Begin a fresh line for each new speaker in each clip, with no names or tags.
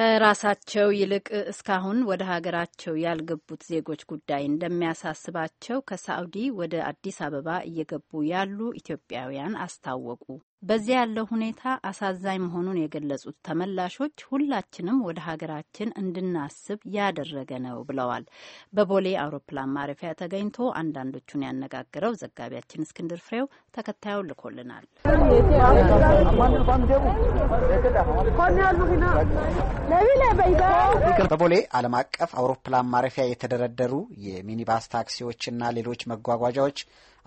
ከራሳቸው ይልቅ እስካሁን ወደ ሀገራቸው ያልገቡት ዜጎች ጉዳይ እንደሚያሳስባቸው ከሳዑዲ ወደ አዲስ አበባ እየገቡ ያሉ ኢትዮጵያውያን አስታወቁ። በዚያ ያለው ሁኔታ አሳዛኝ መሆኑን የገለጹት ተመላሾች ሁላችንም ወደ ሀገራችን እንድናስብ ያደረገ ነው ብለዋል። በቦሌ አውሮፕላን ማረፊያ ተገኝቶ አንዳንዶቹን ያነጋግረው ዘጋቢያችን እስክንድር ፍሬው ተከታዩ ልኮልናል።
በቦሌ ዓለም አቀፍ አውሮፕላን ማረፊያ የተደረደሩ የሚኒባስ ታክሲዎችና ሌሎች መጓጓዣዎች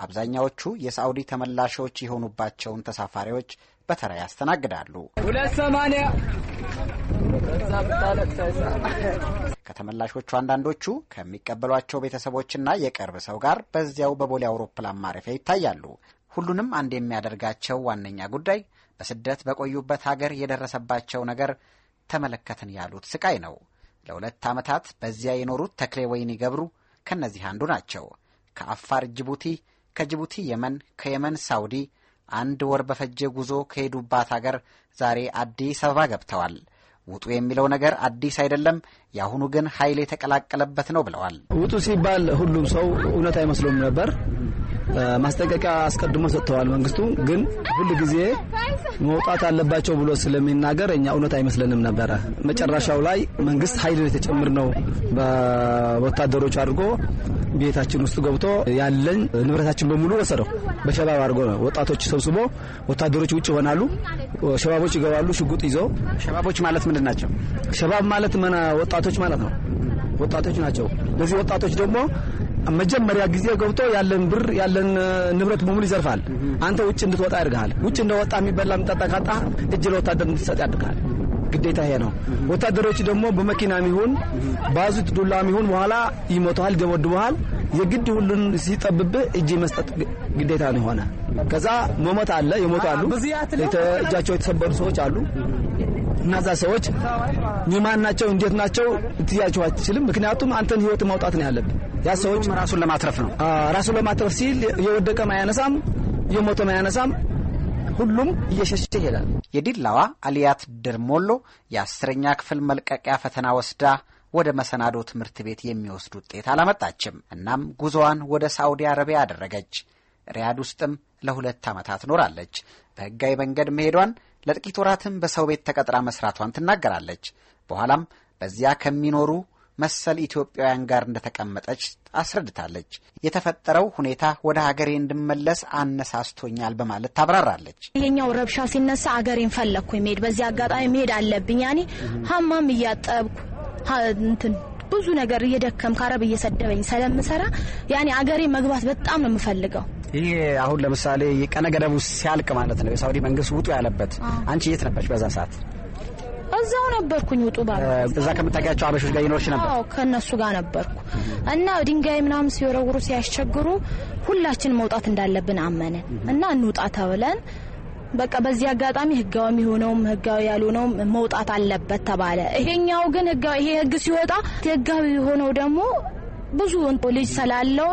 አብዛኛዎቹ የሳውዲ ተመላሾች የሆኑባቸውን ተሳፋሪዎች በተራ ያስተናግዳሉ። ከተመላሾቹ አንዳንዶቹ ከሚቀበሏቸው ቤተሰቦችና የቅርብ ሰው ጋር በዚያው በቦሌ አውሮፕላን ማረፊያ ይታያሉ። ሁሉንም አንድ የሚያደርጋቸው ዋነኛ ጉዳይ በስደት በቆዩበት ሀገር የደረሰባቸው ነገር ተመለከትን ያሉት ስቃይ ነው። ለሁለት ዓመታት በዚያ የኖሩት ተክሌ ወይኒ ገብሩ ከእነዚህ አንዱ ናቸው። ከአፋር ጅቡቲ ከጅቡቲ የመን፣ ከየመን ሳውዲ አንድ ወር በፈጀ ጉዞ ከሄዱባት አገር ዛሬ አዲስ አበባ ገብተዋል። ውጡ የሚለው ነገር አዲስ አይደለም፣ የአሁኑ ግን ኃይል የተቀላቀለበት ነው ብለዋል።
ውጡ ሲባል ሁሉም ሰው እውነት አይመስሎም ነበር። ማስጠንቀቂያ አስቀድሞ ሰጥተዋል። መንግስቱ ግን ሁል ጊዜ መውጣት አለባቸው ብሎ ስለሚናገር እኛ እውነት አይመስለንም ነበረ። መጨረሻው ላይ መንግስት ኃይል የተጨምር ነው በወታደሮች አድርጎ ቤታችን ውስጥ ገብቶ ያለን ንብረታችን በሙሉ ወሰደው። በሸባብ አድርጎ ነው ወጣቶች ሰብስቦ ወታደሮች ውጭ ይሆናሉ። ሸባቦች ይገባሉ ሽጉጥ ይዘው። ሸባቦች ማለት ምንድን ናቸው? ሸባብ ማለት ወጣቶች ማለት ነው። ወጣቶች ናቸው። እነዚህ ወጣቶች ደግሞ መጀመሪያ ጊዜ ገብቶ ያለን ብር ያለን ንብረት በሙሉ ይዘርፋል። አንተ ውጭ እንድትወጣ ያደርግሃል። ውጭ እንደወጣ የሚበላ የሚጠጣ ካጣ እጅ ለወታደር እንድትሰጥ ያደርግሃል። ግዴታ ይሄ ነው። ወታደሮች ደግሞ በመኪናም ይሁን ባዙት ዱላም ይሁን በኋላ ይመቱሃል፣ ይደበድቡሃል። የግድ ሁሉን ሲጠብብ እጅ መስጠት ግዴታ ነው የሆነ ከዛ መሞት አለ፣ የሞቱ አሉ፣ እጃቸው የተሰበሩ ሰዎች አሉ። እነዛ ሰዎች እነማን ናቸው? እንዴት ናቸው? ልትያቸው አትችልም። ምክንያቱም አንተን ህይወት ማውጣት ነው ያለብን። ያ ሰዎች ራሱን ለማትረፍ ነው። ራሱን ለማትረፍ ሲል የወደቀ ማያነሳም የሞተ ማያነሳም
ሁሉም እየሸሸ ይሄዳል። የዲላዋ አልያት ደርሞሎ የአስረኛ ክፍል መልቀቂያ ፈተና ወስዳ ወደ መሰናዶ ትምህርት ቤት የሚወስድ ውጤት አላመጣችም። እናም ጉዞዋን ወደ ሳዑዲ አረቢያ አደረገች። ሪያድ ውስጥም ለሁለት ዓመታት ኖራለች። በሕጋዊ መንገድ መሄዷን ለጥቂት ወራትም በሰው ቤት ተቀጥራ መስራቷን ትናገራለች። በኋላም በዚያ ከሚኖሩ መሰል ኢትዮጵያውያን ጋር እንደተቀመጠች አስረድታለች። የተፈጠረው ሁኔታ ወደ ሀገሬ እንድመለስ አነሳስቶኛል በማለት ታብራራለች።
ይሄኛው ረብሻ ሲነሳ አገሬን ፈለግኩ መሄድ በዚህ አጋጣሚ መሄድ አለብኝ ያኔ ሀማም እያጠብኩ እንትን ብዙ ነገር እየደከም ከአረብ እየሰደበኝ ስለምሰራ ያኔ አገሬ መግባት በጣም ነው የምፈልገው።
ይህ አሁን ለምሳሌ የቀነ ገደቡ
ሲያልቅ ማለት ነው የሳውዲ መንግስት ውጡ ያለበት አንቺ የት ነበርሽ በዛ ሰዓት?
እዛው ነበርኩኝ። ውጡ ባሉ እዛ
ከምታውቂያቸው አበሾች ጋር ይኖርሽ ነበር? አዎ
ከእነሱ ጋር ነበርኩ እና ድንጋይ ምናምን ሲወረውሩ ሲያስቸግሩ ሁላችን መውጣት እንዳለብን አመንን እና እንውጣ ተብለን በቃ በዚህ አጋጣሚ ህጋዊ የሆነውም ህጋዊ ያልሆነውም መውጣት አለበት ተባለ። ይሄኛው ግን ይሄ ህግ ሲወጣ ህጋዊ የሆነው ደግሞ ብዙ ልጅ ስላለው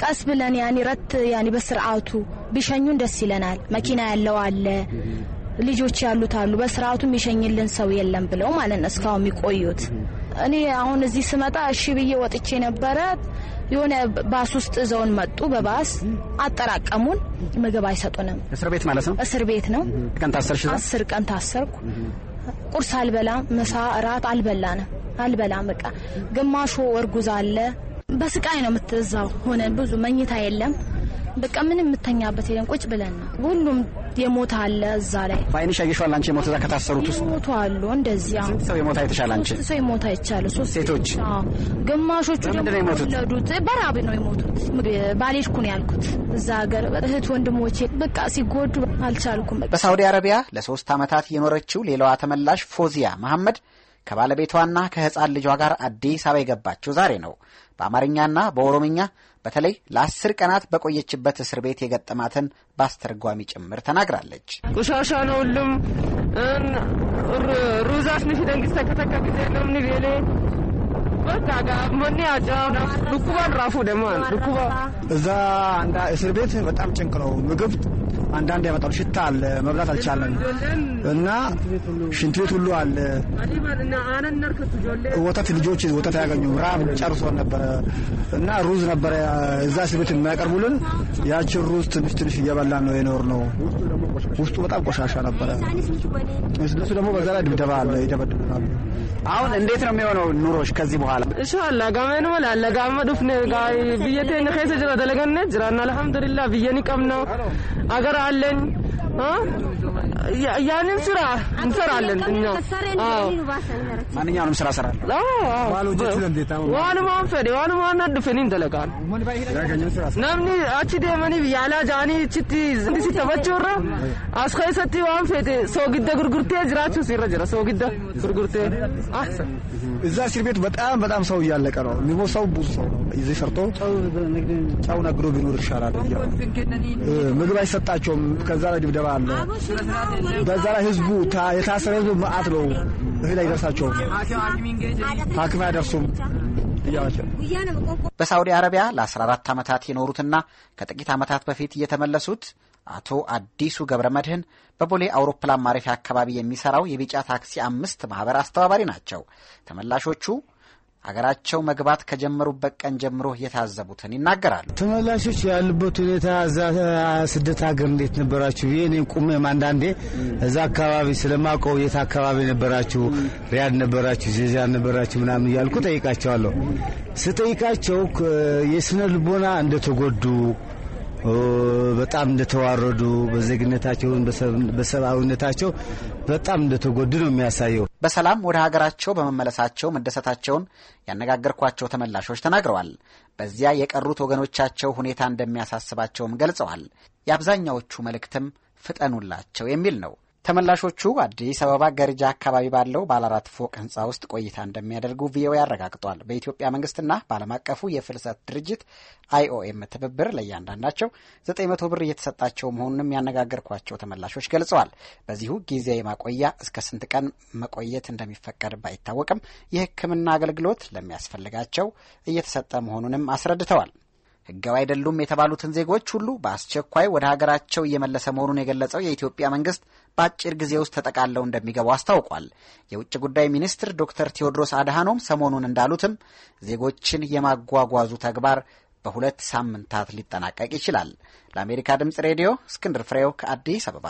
ቀስ ብለን ያኒ ረት ያኒ በስርዓቱ ቢሸኙን ደስ ይለናል። መኪና ያለው አለ ልጆች ያሉት አሉ፣ በስርዓቱ የሚሸኝልን ሰው የለም ብለው ማለት ነው እስካሁን የሚቆዩት። እኔ አሁን እዚህ ስመጣ እሺ ብዬ ወጥቼ ነበረ። የሆነ ባስ ውስጥ ዘውን መጡ። በባስ አጠራቀሙን። ምግብ አይሰጡንም። እስር ቤት ማለት ነው። እስር ቤት ነው። አስር ቀን ታሰርኩ። ቁርስ አልበላም፣ ምሳ፣ እራት አልበላንም፣ አልበላም። በቃ ግማሹ እርጉዝ አለ። በስቃይ ነው የምትዛው ሆነ ብዙ መኝታ የለም በቃ ምንም የምተኛበት የለም። ቁጭ ብለን ነው። ሁሉም የሞተ አለ እዛ ላይ
በአይንሽ ያየሽዋል? አንቺ የሞተ እዛ ከታሰሩት ውስጥ
ሞቱ አሉ። እንደዚህ ስንት ሰው
የሞተ አይተሻል? አንቺ
ሰው የሞተ አይቻለ? ሶስት ሴቶች ግማሾቹ ደግሞ በራብ ነው የሞቱት። ባሌሽኩ ኩን ያልኩት። እዛ ሀገር እህት ወንድሞቼ በቃ ሲጎዱ አልቻልኩም። በሳውዲ
አረቢያ ለሶስት ዓመታት የኖረችው ሌላዋ ተመላሽ ፎዚያ መሐመድ ከባለቤቷና ከህፃን ልጇ ጋር አዲስ አበባ የገባችው ዛሬ ነው። በአማርኛና በኦሮምኛ በተለይ ለአስር ቀናት በቆየችበት እስር ቤት የገጠማትን በአስተርጓሚ ጭምር ተናግራለች።
ቆሻሻ ነው ሁሉም ሩዛስ ንሽ ደንግስ ተከተከ ጊዜ ነው ንቤሌ ዱኩባን ራፉ ዱኩባ እዛ እስር ቤት በጣም ጭንቅ ነው። ምግብ አንዳንድ ያመጣሉ። ሽታ አለ፣ መብላት አልቻለን እና ሽንት ቤት ሁሉ አለ። ወተት ልጆች ወተት አያገኙም። ራብ ጨርሶ ነበረ እና ሩዝ ነበረ እዛ እስር ቤት የሚያቀርቡልን። ያችን ሩዝ ትንሽ ትንሽ እየበላን ነው የኖር ነው። ውስጡ በጣም ቆሻሻ ነበረ። ነሱ ደግሞ በዛ ላይ ድብደባ አለ፣ ይደበድብናሉ። አሁን እንዴት ነው የሚሆነው ኑሮች ከዚህ በኋላ? ተባለ። እንሻላ ጋመ ንበል አለ ጋመ ዱፍነ ጋይ ብየቴ ንኸይሰ ጅራ ደለገነ ጅራና አልሐምዱሊላ ብየን ይቀምነ አገር አለኝ ያንን ስራ እንሰራለን። ማንኛውንም ስራ ሰራለንዋን ማን ፈ ዋን ማን አድፍን እንደለቃል ነምኒ አቺ ደመኒ ያላ ጃኒ ችቲ ዝንዲ ሲተፈች ረ ዋን ፌ ሰው ግደ ግርግርቴ ጅራችሁ ሲረ ጅረ ሰው እዛ እስር ቤት በጣም በጣም ሰው እያለቀ ነው። የሚሞት ሰው ብዙ ሰው ነው። እዚህ ሰርቶ ጫው ነግዶ ቢኖር ይሻላል። ምግብ አይሰጣቸውም። ከዛ ላይ ድብደባ አለ። በዛ ላይ ህዝቡ የታሰረ ህዝቡ መዓት ነው። እህል አይደርሳቸውም፣
ሀክም አይደርሱም።
በሳውዲ አረቢያ
ለ14 ዓመታት የኖሩትና ከጥቂት ዓመታት በፊት እየተመለሱት አቶ አዲሱ ገብረ መድህን በቦሌ አውሮፕላን ማረፊያ አካባቢ የሚሰራው የቢጫ ታክሲ አምስት ማህበር አስተባባሪ ናቸው። ተመላሾቹ ሀገራቸው መግባት ከጀመሩበት ቀን ጀምሮ የታዘቡትን ይናገራሉ።
ተመላሾች ያሉበት ሁኔታ እዛ ስደት ሀገር እንዴት ነበራችሁ? ይህ እኔ ቁሜም አንዳንዴ እዛ አካባቢ ስለማውቀው የት አካባቢ ነበራችሁ? ሪያድ ነበራችሁ? ዜዛ ነበራችሁ? ምናምን እያልኩ ጠይቃቸዋለሁ። ስጠይቃቸው የስነ ልቦና እንደተጎዱ በጣም እንደተዋረዱ በዜግነታቸውን በሰብአዊነታቸው በጣም እንደተጎዱ ነው የሚያሳየው። በሰላም ወደ
ሀገራቸው በመመለሳቸው መደሰታቸውን ያነጋገርኳቸው ተመላሾች ተናግረዋል። በዚያ የቀሩት ወገኖቻቸው ሁኔታ እንደሚያሳስባቸውም ገልጸዋል። የአብዛኛዎቹ መልእክትም ፍጠኑላቸው የሚል ነው። ተመላሾቹ አዲስ አበባ ገርጃ አካባቢ ባለው ባለ አራት ፎቅ ህንፃ ውስጥ ቆይታ እንደሚያደርጉ ቪኦኤ አረጋግጧል። በኢትዮጵያ መንግስትና በዓለም አቀፉ የፍልሰት ድርጅት አይኦኤም ትብብር ለእያንዳንዳቸው ዘጠኝ መቶ ብር እየተሰጣቸው መሆኑንም ያነጋገርኳቸው ተመላሾች ገልጸዋል። በዚሁ ጊዜያዊ ማቆያ እስከ ስንት ቀን መቆየት እንደሚፈቀድ ባይታወቅም የሕክምና አገልግሎት ለሚያስፈልጋቸው እየተሰጠ መሆኑንም አስረድተዋል። ህጋዊ አይደሉም የተባሉትን ዜጎች ሁሉ በአስቸኳይ ወደ ሀገራቸው እየመለሰ መሆኑን የገለጸው የኢትዮጵያ መንግስት በአጭር ጊዜ ውስጥ ተጠቃለው እንደሚገቡ አስታውቋል። የውጭ ጉዳይ ሚኒስትር ዶክተር ቴዎድሮስ አድሃኖም ሰሞኑን እንዳሉትም ዜጎችን የማጓጓዙ ተግባር በሁለት ሳምንታት ሊጠናቀቅ ይችላል። ለአሜሪካ ድምፅ ሬዲዮ እስክንድር ፍሬው ከአዲስ አበባ።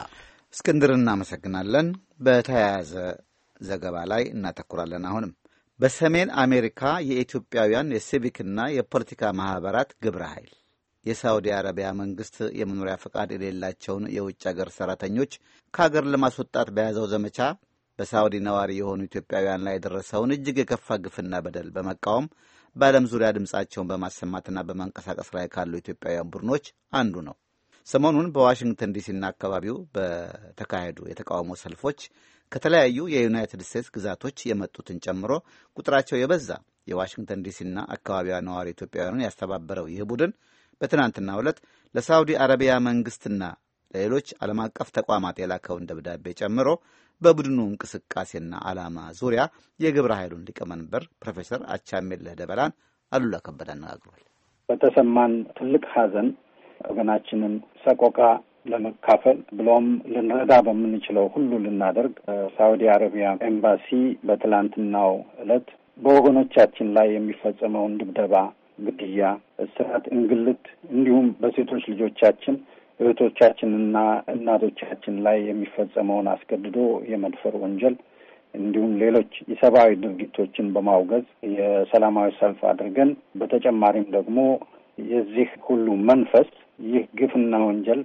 እስክንድር እናመሰግናለን። በተያያዘ ዘገባ ላይ
እናተኩራለን አሁንም በሰሜን አሜሪካ የኢትዮጵያውያን የሲቪክና የፖለቲካ ማኅበራት ግብረ ኃይል የሳዑዲ አረቢያ መንግሥት የመኖሪያ ፈቃድ የሌላቸውን የውጭ አገር ሠራተኞች ከአገር ለማስወጣት በያዘው ዘመቻ በሳዑዲ ነዋሪ የሆኑ ኢትዮጵያውያን ላይ የደረሰውን እጅግ የከፋ ግፍና በደል በመቃወም በዓለም ዙሪያ ድምፃቸውን በማሰማትና በማንቀሳቀስ ላይ ካሉ ኢትዮጵያውያን ቡድኖች አንዱ ነው። ሰሞኑን በዋሽንግተን ዲሲና አካባቢው በተካሄዱ የተቃውሞ ሰልፎች ከተለያዩ የዩናይትድ ስቴትስ ግዛቶች የመጡትን ጨምሮ ቁጥራቸው የበዛ የዋሽንግተን ዲሲና አካባቢዋ ነዋሪ ኢትዮጵያውያንን ያስተባበረው ይህ ቡድን በትናንትናው ዕለት ለሳውዲ አረቢያ መንግስትና ለሌሎች ዓለም አቀፍ ተቋማት የላከውን ደብዳቤ ጨምሮ በቡድኑ እንቅስቃሴና ዓላማ ዙሪያ የግብረ ኃይሉን ሊቀመንበር ፕሮፌሰር አቻሜለህ ደበላን አሉላ ከበደ አነጋግሯል።
በተሰማን ትልቅ ሀዘን ወገናችንን ሰቆቃ ለመካፈል ብሎም ልንረዳ በምንችለው ሁሉ ልናደርግ ሳውዲ አረቢያ ኤምባሲ በትላንትናው ዕለት በወገኖቻችን ላይ የሚፈጸመውን ድብደባ፣ ግድያ፣ እስራት፣ እንግልት እንዲሁም በሴቶች ልጆቻችን እህቶቻችንና እናቶቻችን ላይ የሚፈጸመውን አስገድዶ የመድፈር ወንጀል እንዲሁም ሌሎች የሰብአዊ ድርጊቶችን በማውገዝ የሰላማዊ ሰልፍ አድርገን በተጨማሪም ደግሞ የዚህ ሁሉ መንፈስ ይህ ግፍና ወንጀል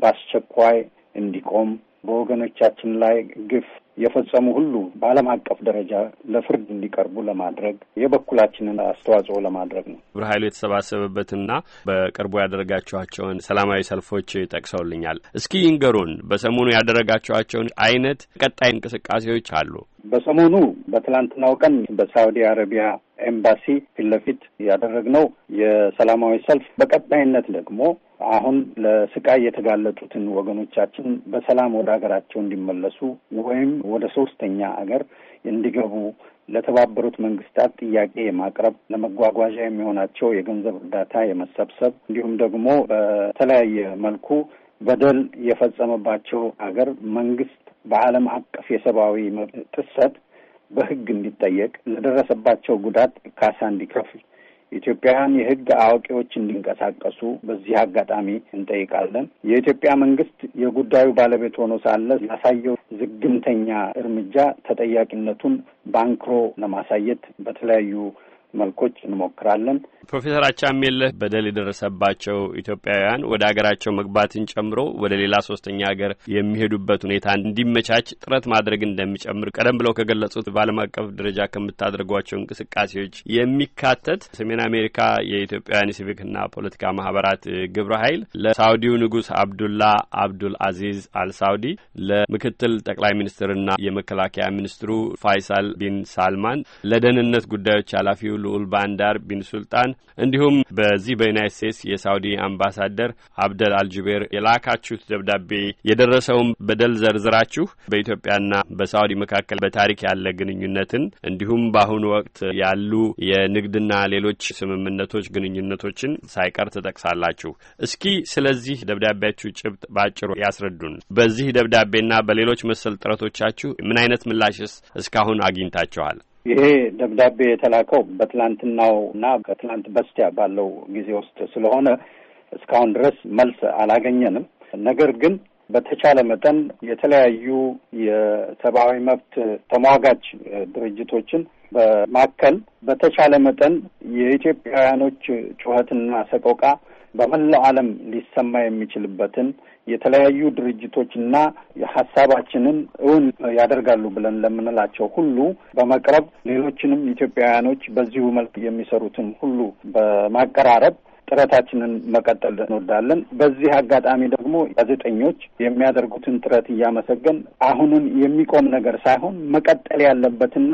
በአስቸኳይ እንዲቆም በወገኖቻችን ላይ ግፍ የፈጸሙ ሁሉ በዓለም አቀፍ ደረጃ ለፍርድ እንዲቀርቡ ለማድረግ የበኩላችንን አስተዋጽኦ ለማድረግ ነው።
ብር ኃይሉ የተሰባሰበበትና በቅርቡ ያደረጋችኋቸውን ሰላማዊ ሰልፎች ጠቅሰውልኛል። እስኪ ይንገሩን፣ በሰሞኑ ያደረጋችኋቸውን አይነት ቀጣይ እንቅስቃሴዎች አሉ?
በሰሞኑ በትላንትናው ቀን በሳዑዲ አረቢያ ኤምባሲ ፊት ለፊት ያደረግነው የሰላማዊ ሰልፍ በቀጣይነት ደግሞ አሁን ለስቃይ የተጋለጡትን ወገኖቻችን በሰላም ወደ ሀገራቸው እንዲመለሱ ወይም ወደ ሶስተኛ ሀገር እንዲገቡ ለተባበሩት መንግስታት ጥያቄ የማቅረብ ለመጓጓዣ የሚሆናቸው የገንዘብ እርዳታ የመሰብሰብ እንዲሁም ደግሞ በተለያየ መልኩ በደል የፈጸመባቸው ሀገር መንግስት በዓለም አቀፍ የሰብአዊ መብት ጥሰት በሕግ እንዲጠየቅ ለደረሰባቸው ጉዳት ካሳ እንዲከፍል ኢትዮጵያውያን የህግ አዋቂዎች እንዲንቀሳቀሱ በዚህ አጋጣሚ እንጠይቃለን። የኢትዮጵያ መንግስት የጉዳዩ ባለቤት ሆኖ ሳለ ያሳየው ዝግምተኛ እርምጃ ተጠያቂነቱን ባንክሮ ለማሳየት በተለያዩ መልኮች እንሞክራለን።
ፕሮፌሰር የለህ በደል የደረሰባቸው ኢትዮጵያውያን ወደ ሀገራቸው መግባትን ጨምሮ ወደ ሌላ ሶስተኛ ሀገር የሚሄዱበት ሁኔታ እንዲመቻች ጥረት ማድረግ እንደሚጨምር ቀደም ብለው ከገለጹት በዓለም አቀፍ ደረጃ ከምታደርጓቸው እንቅስቃሴዎች የሚካተት ሰሜን አሜሪካ የኢትዮጵያውያን የሲቪክና ፖለቲካ ማህበራት ግብረ ኃይል ለሳውዲው ንጉስ አብዱላ አብዱል አዚዝ አልሳውዲ ለምክትል ጠቅላይ ሚኒስትርና የመከላከያ ሚኒስትሩ ፋይሳል ቢን ሳልማን ለደህንነት ጉዳዮች ኃላፊው ልዑል ባንዳር ቢን ሱልጣን እንዲሁም በዚህ በዩናይት ስቴትስ የሳውዲ አምባሳደር አብደል አልጅቤር የላካችሁት ደብዳቤ የደረሰውን በደል ዘርዝራችሁ በኢትዮጵያና በሳውዲ መካከል በታሪክ ያለ ግንኙነትን እንዲሁም በአሁኑ ወቅት ያሉ የንግድና ሌሎች ስምምነቶች ግንኙነቶችን ሳይቀር ትጠቅሳላችሁ። እስኪ ስለዚህ ደብዳቤያችሁ ጭብጥ በአጭሩ ያስረዱን። በዚህ ደብዳቤና በሌሎች መሰል ጥረቶቻችሁ ምን አይነት ምላሽስ እስካሁን አግኝታችኋል?
ይሄ ደብዳቤ የተላከው በትላንትናው እና ከትላንት በስቲያ ባለው ጊዜ ውስጥ ስለሆነ እስካሁን ድረስ መልስ አላገኘንም። ነገር ግን በተቻለ መጠን የተለያዩ የሰብአዊ መብት ተሟጋች ድርጅቶችን በማከል በተቻለ መጠን የኢትዮጵያውያኖች ጩኸትና ሰቆቃ በመላው ዓለም ሊሰማ የሚችልበትን የተለያዩ ድርጅቶችና ሀሳባችንን እውን ያደርጋሉ ብለን ለምንላቸው ሁሉ በመቅረብ ሌሎችንም ኢትዮጵያውያኖች በዚሁ መልክ የሚሰሩትን ሁሉ በማቀራረብ ጥረታችንን መቀጠል እንወዳለን። በዚህ አጋጣሚ ደግሞ ጋዜጠኞች የሚያደርጉትን ጥረት እያመሰገን አሁንን የሚቆም ነገር ሳይሆን መቀጠል ያለበትና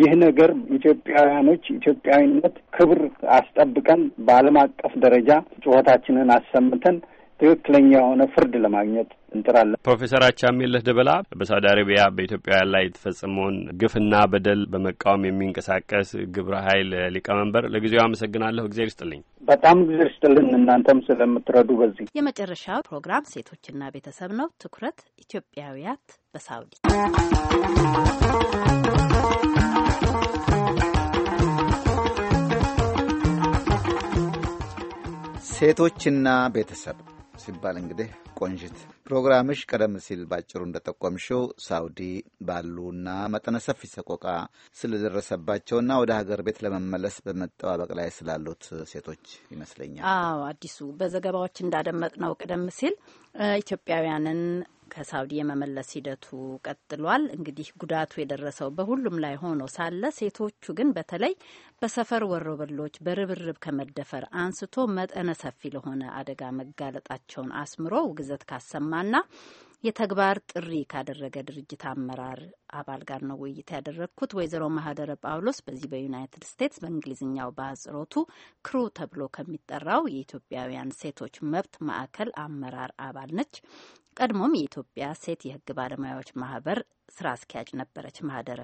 ይህ ነገር ኢትዮጵያውያኖች ኢትዮጵያዊነት ክብር አስጠብቀን በዓለም አቀፍ ደረጃ ጩኸታችንን አሰምተን ትክክለኛ የሆነ ፍርድ ለማግኘት እንጥራለን።
ፕሮፌሰር አቻሜለህ ደበላ በሳውዲ አረቢያ በኢትዮጵያውያን ላይ የተፈጸመውን ግፍና በደል በመቃወም የሚንቀሳቀስ ግብረ ኃይል ሊቀመንበር፣ ለጊዜው አመሰግናለሁ። እግዜር ይስጥልኝ።
በጣም እግዜር ይስጥልን። እናንተም ስለምትረዱ። በዚህ የመጨረሻው ፕሮግራም ሴቶችና ቤተሰብ ነው። ትኩረት ኢትዮጵያውያት በሳውዲ
ሴቶችና ቤተሰብ ሲባል እንግዲህ ቆንጅት ፕሮግራምሽ ቀደም ሲል ባጭሩ እንደጠቆምሽው ሳውዲ ባሉና መጠነ ሰፊ ሰቆቃ ስለደረሰባቸውና ወደ ሀገር ቤት ለመመለስ በመጠባበቅ ላይ ስላሉት ሴቶች ይመስለኛል።
አዎ አዲሱ በዘገባዎች እንዳደመጥ ነው ቀደም ሲል ኢትዮጵያውያንን ከሳውዲ የመመለስ ሂደቱ ቀጥሏል። እንግዲህ ጉዳቱ የደረሰው በሁሉም ላይ ሆኖ ሳለ ሴቶቹ ግን በተለይ በሰፈር ወሮበሎች በርብርብ ከመደፈር አንስቶ መጠነ ሰፊ ለሆነ አደጋ መጋለጣቸውን አስምሮ ውግዘት ካሰማና የተግባር ጥሪ ካደረገ ድርጅት አመራር አባል ጋር ነው ውይይት ያደረግኩት። ወይዘሮ ማህደረ ጳውሎስ በዚህ በዩናይትድ ስቴትስ በእንግሊዝኛው በአጽሮቱ ክሩ ተብሎ ከሚጠራው የኢትዮጵያውያን ሴቶች መብት ማዕከል አመራር አባል ነች። ቀድሞም የኢትዮጵያ ሴት የህግ ባለሙያዎች ማህበር ስራ አስኪያጅ ነበረች። ማህደረ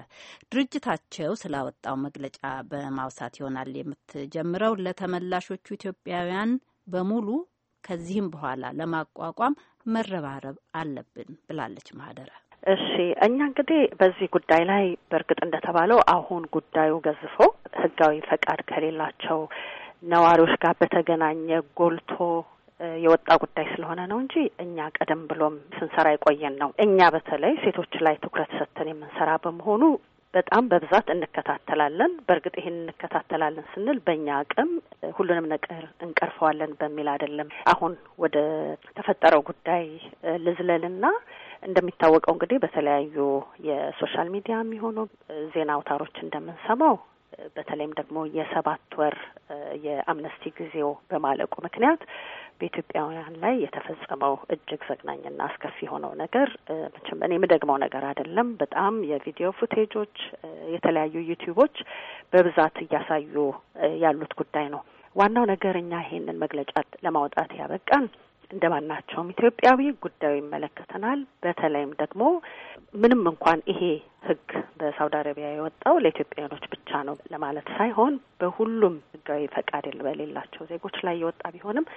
ድርጅታቸው ስላወጣው መግለጫ በማውሳት ይሆናል የምትጀምረው። ለተመላሾቹ ኢትዮጵያውያን በሙሉ ከዚህም በኋላ ለማቋቋም መረባረብ አለብን ብላለች ማህደረ።
እሺ እኛ እንግዲህ በዚህ ጉዳይ ላይ በእርግጥ እንደተባለው አሁን ጉዳዩ ገዝፎ ህጋዊ ፈቃድ ከሌላቸው ነዋሪዎች ጋር በተገናኘ ጎልቶ የወጣ ጉዳይ ስለሆነ ነው እንጂ እኛ ቀደም ብሎም ስንሰራ የቆየን ነው። እኛ በተለይ ሴቶች ላይ ትኩረት ሰጥተን የምንሰራ በመሆኑ በጣም በብዛት እንከታተላለን። በእርግጥ ይህን እንከታተላለን ስንል በእኛ አቅም ሁሉንም ነገር እንቀርፈዋለን በሚል አይደለም። አሁን ወደ ተፈጠረው ጉዳይ ልዝለልና እንደሚታወቀው እንግዲህ በተለያዩ የሶሻል ሚዲያ የሚሆኑ ዜና አውታሮች እንደምንሰማው በተለይም ደግሞ የሰባት ወር የአምነስቲ ጊዜው በማለቁ ምክንያት በኢትዮጵያውያን ላይ የተፈጸመው እጅግ ዘግናኝና አስከፊ የሆነው ነገር መቼም እኔ የምደግመው ነገር አይደለም። በጣም የቪዲዮ ፉቴጆች የተለያዩ ዩቲዩቦች በብዛት እያሳዩ ያሉት ጉዳይ ነው። ዋናው ነገር እኛ ይሄንን መግለጫ ለማውጣት ያበቃን እንደ ኢትዮጵያዊ ጉዳዩ ይመለከተናል። በተለይም ደግሞ ምንም እንኳን ይሄ ህግ በሳውዲ አረቢያ የወጣው ለኢትዮጵያውያኖች ብቻ ነው ለማለት ሳይሆን በሁሉም ህጋዊ ፈቃድ በሌላቸው ዜጎች ላይ የወጣ ቢሆንም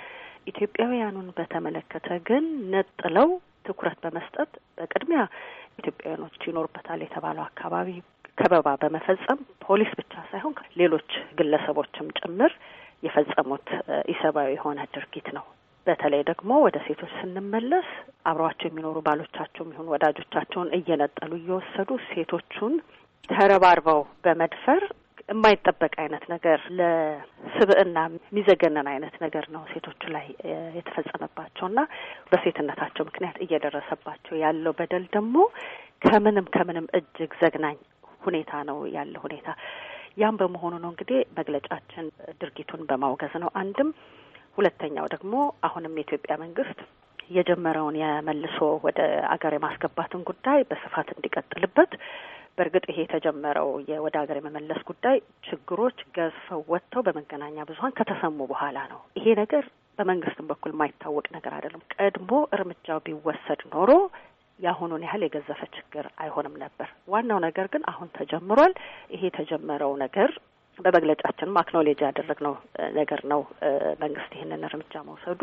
ኢትዮጵያውያኑን በተመለከተ ግን ነጥለው ትኩረት በመስጠት በቅድሚያ ኢትዮጵያውያኖች ይኖሩበታል የተባለው አካባቢ ከበባ በመፈጸም ፖሊስ ብቻ ሳይሆን ሌሎች ግለሰቦችም ጭምር የፈጸሙት ኢሰብአዊ የሆነ ድርጊት ነው በተለይ ደግሞ ወደ ሴቶች ስንመለስ አብረዋቸው የሚኖሩ ባሎቻቸውም ይሁን ወዳጆቻቸውን እየነጠሉ እየወሰዱ ሴቶቹን ተረባርበው በመድፈር የማይጠበቅ አይነት ነገር ለስብእና የሚዘገነን አይነት ነገር ነው ሴቶቹ ላይ የተፈጸመባቸውና በሴትነታቸው ምክንያት እየደረሰባቸው ያለው በደል ደግሞ ከምንም ከምንም እጅግ ዘግናኝ ሁኔታ ነው ያለ ሁኔታ። ያም በመሆኑ ነው እንግዲህ መግለጫችን ድርጊቱን በማውገዝ ነው አንድም ሁለተኛው ደግሞ አሁንም የኢትዮጵያ መንግስት የጀመረውን የመልሶ ወደ አገር የማስገባትን ጉዳይ በስፋት እንዲቀጥልበት በእርግጥ ይሄ የተጀመረው የወደ ሀገር የመመለስ ጉዳይ ችግሮች ገዝፈው ወጥተው በመገናኛ ብዙኃን ከተሰሙ በኋላ ነው። ይሄ ነገር በመንግስትም በኩል የማይታወቅ ነገር አይደለም። ቀድሞ እርምጃው ቢወሰድ ኖሮ የአሁኑን ያህል የገዘፈ ችግር አይሆንም ነበር። ዋናው ነገር ግን አሁን ተጀምሯል። ይሄ የተጀመረው ነገር በመግለጫችን ማክኖሌጅ ያደረግነው ነገር ነው መንግስት ይህንን እርምጃ መውሰዱ።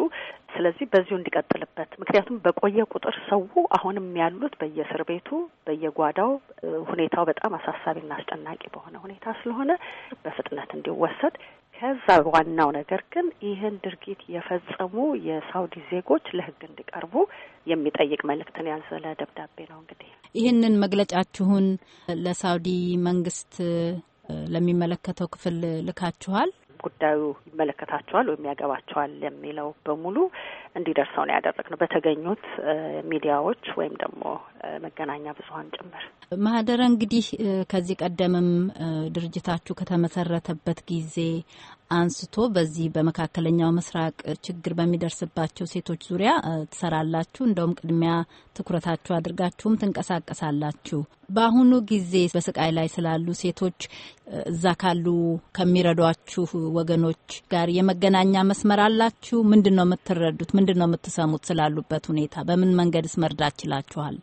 ስለዚህ በዚሁ እንዲቀጥልበት፣ ምክንያቱም በቆየ ቁጥር ሰው አሁንም ያሉት በየእስር ቤቱ በየጓዳው ሁኔታው በጣም አሳሳቢና አስጨናቂ በሆነ ሁኔታ ስለሆነ በፍጥነት እንዲወሰድ ከዛ ዋናው ነገር ግን ይህን ድርጊት የፈጸሙ የሳውዲ ዜጎች ለሕግ እንዲቀርቡ የሚጠይቅ መልእክትን ያዘለ ደብዳቤ ነው። እንግዲህ
ይህንን መግለጫችሁን ለሳውዲ መንግስት ለሚመለከተው ክፍል ልካችኋል?
ጉዳዩ ይመለከታቸዋል ወይም ያገባቸዋል የሚለው በሙሉ እንዲደርሰው ነው ያደረግ ነው። በተገኙት ሚዲያዎች ወይም ደግሞ መገናኛ ብዙኃን ጭምር።
ማህደረ እንግዲህ ከዚህ ቀደምም ድርጅታችሁ ከተመሰረተበት ጊዜ አንስቶ በዚህ በመካከለኛው ምስራቅ ችግር በሚደርስባቸው ሴቶች ዙሪያ ትሰራላችሁ። እንደውም ቅድሚያ ትኩረታችሁ አድርጋችሁም ትንቀሳቀሳላችሁ። በአሁኑ ጊዜ በስቃይ ላይ ስላሉ ሴቶች እዛ ካሉ ከሚረዷችሁ ወገኖች ጋር የመገናኛ መስመር አላችሁ? ምንድን ነው የምትረዱት? ምንድን ነው የምትሰሙት? ስላሉበት ሁኔታ በምን መንገድስ መርዳት
ችላችኋል?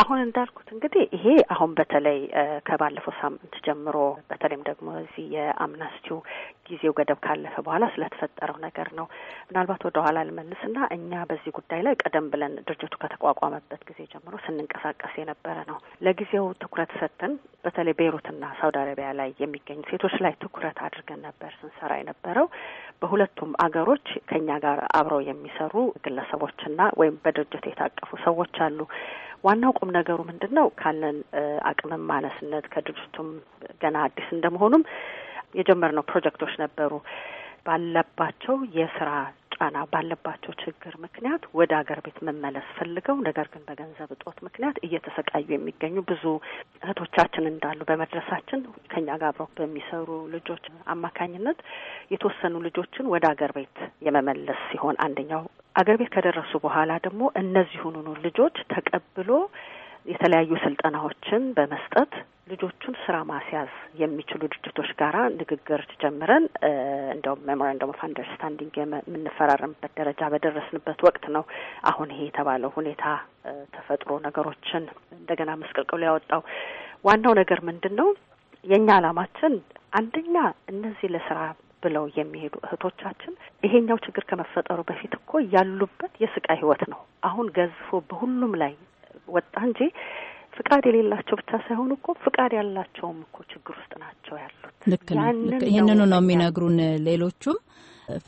አሁን እንዳልኩት እንግዲህ ይሄ አሁን በተለይ ከባለፈው ሳምንት ጀምሮ በተለይም ደግሞ እዚህ የአምናስቲው ጊዜው ገደብ ካለፈ በኋላ ስለተፈጠረው ነገር ነው። ምናልባት ወደ ኋላ ልመልስና እኛ በዚህ ጉዳይ ላይ ቀደም ብለን ድርጅቱ ከተቋቋመበት ጊዜ ጀምሮ ስንንቀሳቀስ የነበረ ነው። ለጊዜው ትኩረት ሰጥተን በተለይ ቤይሩትና ሳውዲ አረቢያ ላይ የሚገኙ ሴቶች ላይ ትኩረት አድርገን ነበር ስንሰራ የነበረው። በሁለቱም አገሮች ከኛ ጋር አብረው የሚሰሩ ግለሰቦችና ወይም በድርጅቱ የታቀፉ ሰዎች አሉ። ዋናው ቁም ነገሩ ምንድን ነው? ካለን አቅምም ማነስነት ከድርጅቱም ገና አዲስ እንደመሆኑም የጀመርነው ፕሮጀክቶች ነበሩ ባለባቸው የስራ ጫና ባለባቸው ችግር ምክንያት ወደ ሀገር ቤት መመለስ ፈልገው ነገር ግን በገንዘብ እጦት ምክንያት እየተሰቃዩ የሚገኙ ብዙ እህቶቻችን እንዳሉ በመድረሳችን ከኛ ጋር አብረው በሚሰሩ ልጆች አማካኝነት የተወሰኑ ልጆችን ወደ ሀገር ቤት የመመለስ ሲሆን አንደኛው አገር ቤት ከደረሱ በኋላ ደግሞ እነዚሁኑኑ ልጆች ተቀብሎ የተለያዩ ስልጠናዎችን በመስጠት ልጆቹን ስራ ማስያዝ የሚችሉ ድርጅቶች ጋር ንግግር ጀምረን እንደውም ሜሞራንደም ኦፍ አንደርስታንዲንግ የምንፈራረምበት ደረጃ በደረስንበት ወቅት ነው አሁን ይሄ የተባለው ሁኔታ ተፈጥሮ ነገሮችን እንደገና መስቀልቅሎ ያወጣው። ዋናው ነገር ምንድን ነው? የእኛ አላማችን አንደኛ እነዚህ ለስራ ብለው የሚሄዱ እህቶቻችን ይሄኛው ችግር ከመፈጠሩ በፊት እኮ ያሉበት የስቃይ ህይወት ነው። አሁን ገዝፎ በሁሉም ላይ ወጣ እንጂ ፍቃድ የሌላቸው ብቻ ሳይሆኑ እኮ ፍቃድ ያላቸውም እኮ ችግር ውስጥ ናቸው ያሉት።
ልክ ነው። ይህንኑ ነው የሚነግሩን ሌሎቹም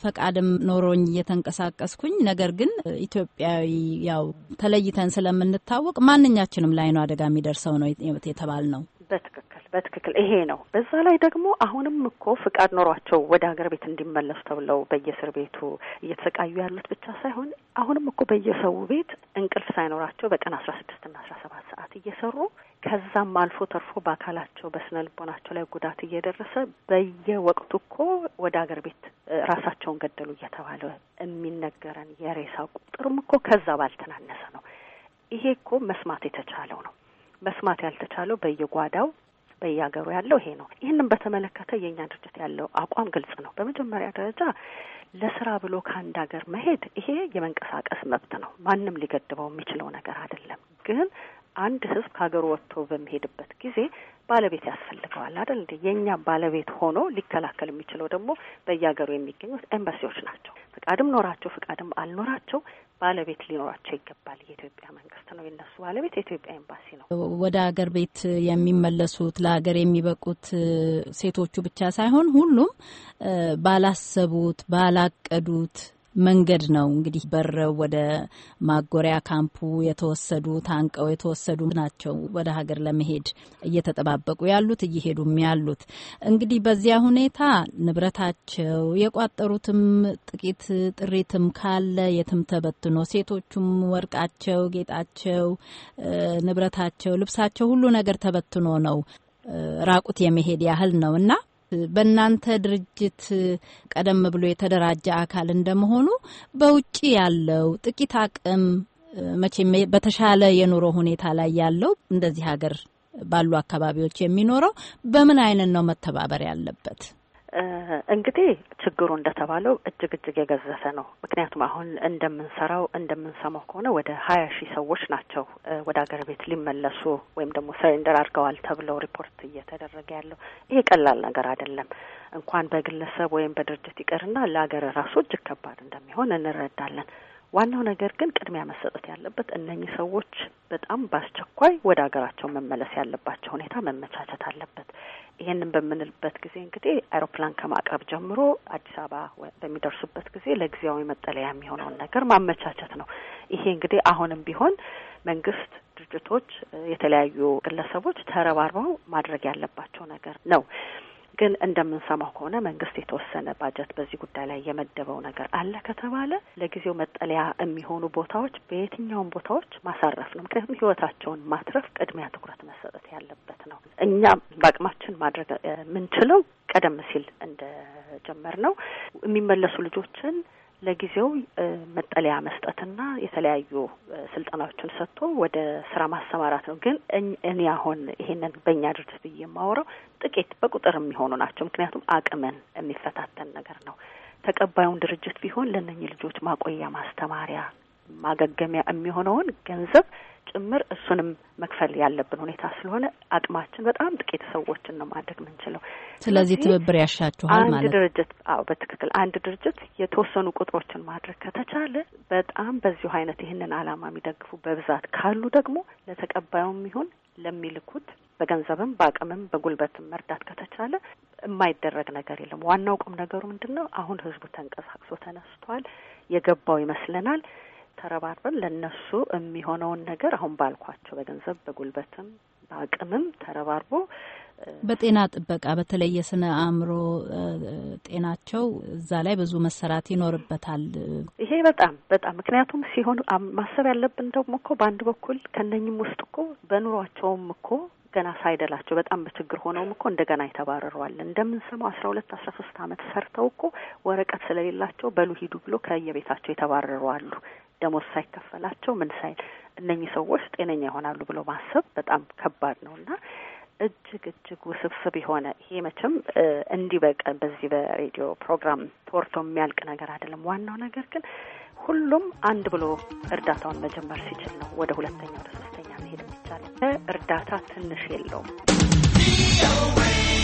ፈቃድም ኖሮኝ እየተንቀሳቀስኩኝ ነገር ግን ኢትዮጵያዊ ያው ተለይተን ስለምንታወቅ ማንኛችንም ላይ ነው አደጋ የሚደርሰው ነው የተባል ነው።
በትክክል በትክክል ይሄ ነው። በዛ ላይ ደግሞ አሁንም እኮ ፍቃድ ኖሯቸው ወደ ሀገር ቤት እንዲመለሱ ተብለው በየእስር ቤቱ እየተሰቃዩ ያሉት ብቻ ሳይሆን አሁንም እኮ በየሰው ቤት እንቅልፍ ሳይኖራቸው በቀን አስራ ና አስራ ሰባት ሰዓት እየሰሩ ከዛም አልፎ ተርፎ በአካላቸው በስነ ልቦናቸው ላይ ጉዳት እየደረሰ በየወቅቱ እኮ ወደ ሀገር ቤት ራሳቸውን ገደሉ እየተባለ የሚነገረን የሬሳ ቁጥርም እኮ ከዛ ባልተናነሰ ነው። ይሄ እኮ መስማት የተቻለው ነው። መስማት ያልተቻለው በየጓዳው በየሀገሩ ያለው ይሄ ነው። ይህንን በተመለከተ የእኛ ድርጅት ያለው አቋም ግልጽ ነው። በመጀመሪያ ደረጃ ለስራ ብሎ ከአንድ ሀገር መሄድ ይሄ የመንቀሳቀስ መብት ነው። ማንም ሊገድበው የሚችለው ነገር አይደለም። ግን አንድ ህዝብ ከሀገሩ ወጥቶ በሚሄድበት ጊዜ ባለቤት ያስፈልገዋል አይደል እንዴ? የእኛ ባለቤት ሆኖ ሊከላከል የሚችለው ደግሞ በየሀገሩ የሚገኙት ኤምባሲዎች ናቸው። ፍቃድም ኖራቸው ፍቃድም አልኖራቸው ባለቤት ሊኖራቸው ይገባል። የኢትዮጵያ መንግስት ነው የነሱ ባለቤት፣ የኢትዮጵያ ኤምባሲ
ነው። ወደ ሀገር ቤት የሚመለሱት ለሀገር የሚበቁት ሴቶቹ ብቻ ሳይሆን ሁሉም ባላሰቡት ባላቀዱት መንገድ ነው እንግዲህ በረው ወደ ማጎሪያ ካምፑ የተወሰዱ ታንቀው የተወሰዱ ናቸው። ወደ ሀገር ለመሄድ እየተጠባበቁ ያሉት እየሄዱም ያሉት እንግዲህ በዚያ ሁኔታ ንብረታቸው የቋጠሩትም ጥቂት ጥሪትም ካለ የትም ተበትኖ ሴቶቹም ወርቃቸው፣ ጌጣቸው፣ ንብረታቸው፣ ልብሳቸው ሁሉ ነገር ተበትኖ ነው ራቁት የመሄድ ያህል ነው እና በእናንተ ድርጅት ቀደም ብሎ የተደራጀ አካል እንደመሆኑ በውጭ ያለው ጥቂት አቅም መቼም በተሻለ የኑሮ ሁኔታ ላይ ያለው እንደዚህ ሀገር ባሉ አካባቢዎች የሚኖረው በምን አይነት ነው መተባበር ያለበት?
እንግዲህ ችግሩ እንደተባለው እጅግ እጅግ የገዘፈ ነው። ምክንያቱም አሁን እንደምንሰራው እንደምንሰማው ከሆነ ወደ ሀያ ሺህ ሰዎች ናቸው ወደ ሀገር ቤት ሊመለሱ ወይም ደግሞ ሰሬንደር አድርገዋል ተብለው ሪፖርት እየተደረገ ያለው። ይሄ ቀላል ነገር አይደለም። እንኳን በግለሰብ ወይም በድርጅት ይቅርና ለሀገር ራሱ እጅግ ከባድ እንደሚሆን እንረዳለን። ዋናው ነገር ግን ቅድሚያ መሰጠት ያለበት እነኚህ ሰዎች በጣም በአስቸኳይ ወደ ሀገራቸው መመለስ ያለባቸው ሁኔታ መመቻቸት አለበት። ይህንን በምንልበት ጊዜ እንግዲህ አይሮፕላን ከማቅረብ ጀምሮ አዲስ አበባ በሚደርሱበት ጊዜ ለጊዜያዊ መጠለያ የሚሆነውን ነገር ማመቻቸት ነው። ይሄ እንግዲህ አሁንም ቢሆን መንግስት፣ ድርጅቶች፣ የተለያዩ ግለሰቦች ተረባርበው ማድረግ ያለባቸው ነገር ነው። ግን እንደምንሰማው ከሆነ መንግስት የተወሰነ ባጀት በዚህ ጉዳይ ላይ የመደበው ነገር አለ ከተባለ ለጊዜው መጠለያ የሚሆኑ ቦታዎች በየትኛውም ቦታዎች ማሳረፍ ነው። ምክንያቱም ህይወታቸውን ማትረፍ ቅድሚያ ትኩረት መሰጠት ያለበት ነው። እኛ በአቅማችን ማድረግ የምንችለው ቀደም ሲል እንደጀመር ነው የሚመለሱ ልጆችን ለጊዜው መጠለያ መስጠትና የተለያዩ ስልጠናዎችን ሰጥቶ ወደ ስራ ማሰማራት ነው። ግን እኔ አሁን ይሄንን በእኛ ድርጅት ብዬ የማወራው ጥቂት በቁጥር የሚሆኑ ናቸው። ምክንያቱም አቅምን የሚፈታተን ነገር ነው። ተቀባዩን ድርጅት ቢሆን ለነኚህ ልጆች ማቆያ ማስተማሪያ ማገገሚያ የሚሆነውን ገንዘብ ጭምር እሱንም መክፈል ያለብን ሁኔታ ስለሆነ አቅማችን በጣም ጥቂት ሰዎችን ነው ማድረግ የምንችለው። ስለዚህ ትብብር ያሻችኋል ማለት አንድ ድርጅት። አዎ በትክክል አንድ ድርጅት የተወሰኑ ቁጥሮችን ማድረግ ከተቻለ በጣም በዚሁ አይነት ይህንን አላማ የሚደግፉ በብዛት ካሉ ደግሞ ለተቀባዩም ይሁን ለሚልኩት በገንዘብም በአቅምም በጉልበትም መርዳት ከተቻለ የማይደረግ ነገር የለም። ዋናው ቁም ነገሩ ምንድን ነው? አሁን ህዝቡ ተንቀሳቅሶ ተነስቷል። የገባው ይመስለናል። ተረባርበን ለነሱ የሚሆነውን ነገር አሁን ባልኳቸው በገንዘብ በጉልበትም በአቅምም ተረባርቦ በጤና
ጥበቃ በተለይ የስነ አእምሮ ጤናቸው እዛ ላይ ብዙ መሰራት ይኖርበታል።
ይሄ በጣም በጣም ምክንያቱም ሲሆን ማሰብ ያለብን ደግሞ እኮ በአንድ በኩል ከነኝም ውስጥ እኮ በኑሯቸውም እኮ ገና ሳይደላቸው በጣም በችግር ሆነውም እኮ እንደገና የተባረረዋል። እንደምንሰማው አስራ ሁለት አስራ ሶስት አመት ሰርተው እኮ ወረቀት ስለሌላቸው በሉ ሂዱ ብሎ ከየቤታቸው የተባረረዋሉ። ደሞዝ ሳይከፈላቸው ምን ሳይል እነኚህ ሰዎች ጤነኛ ይሆናሉ ብሎ ማሰብ በጣም ከባድ ነው እና እጅግ እጅግ ውስብስብ የሆነ ይሄ መቼም እንዲህ በቀ በዚህ በሬዲዮ ፕሮግራም ተወርቶ የሚያልቅ ነገር አይደለም። ዋናው ነገር ግን ሁሉም አንድ ብሎ እርዳታውን መጀመር ሲችል ነው ወደ ሁለተኛ ወደ ሶስተኛ መሄድ የሚቻለው። እርዳታ ትንሽ የለውም።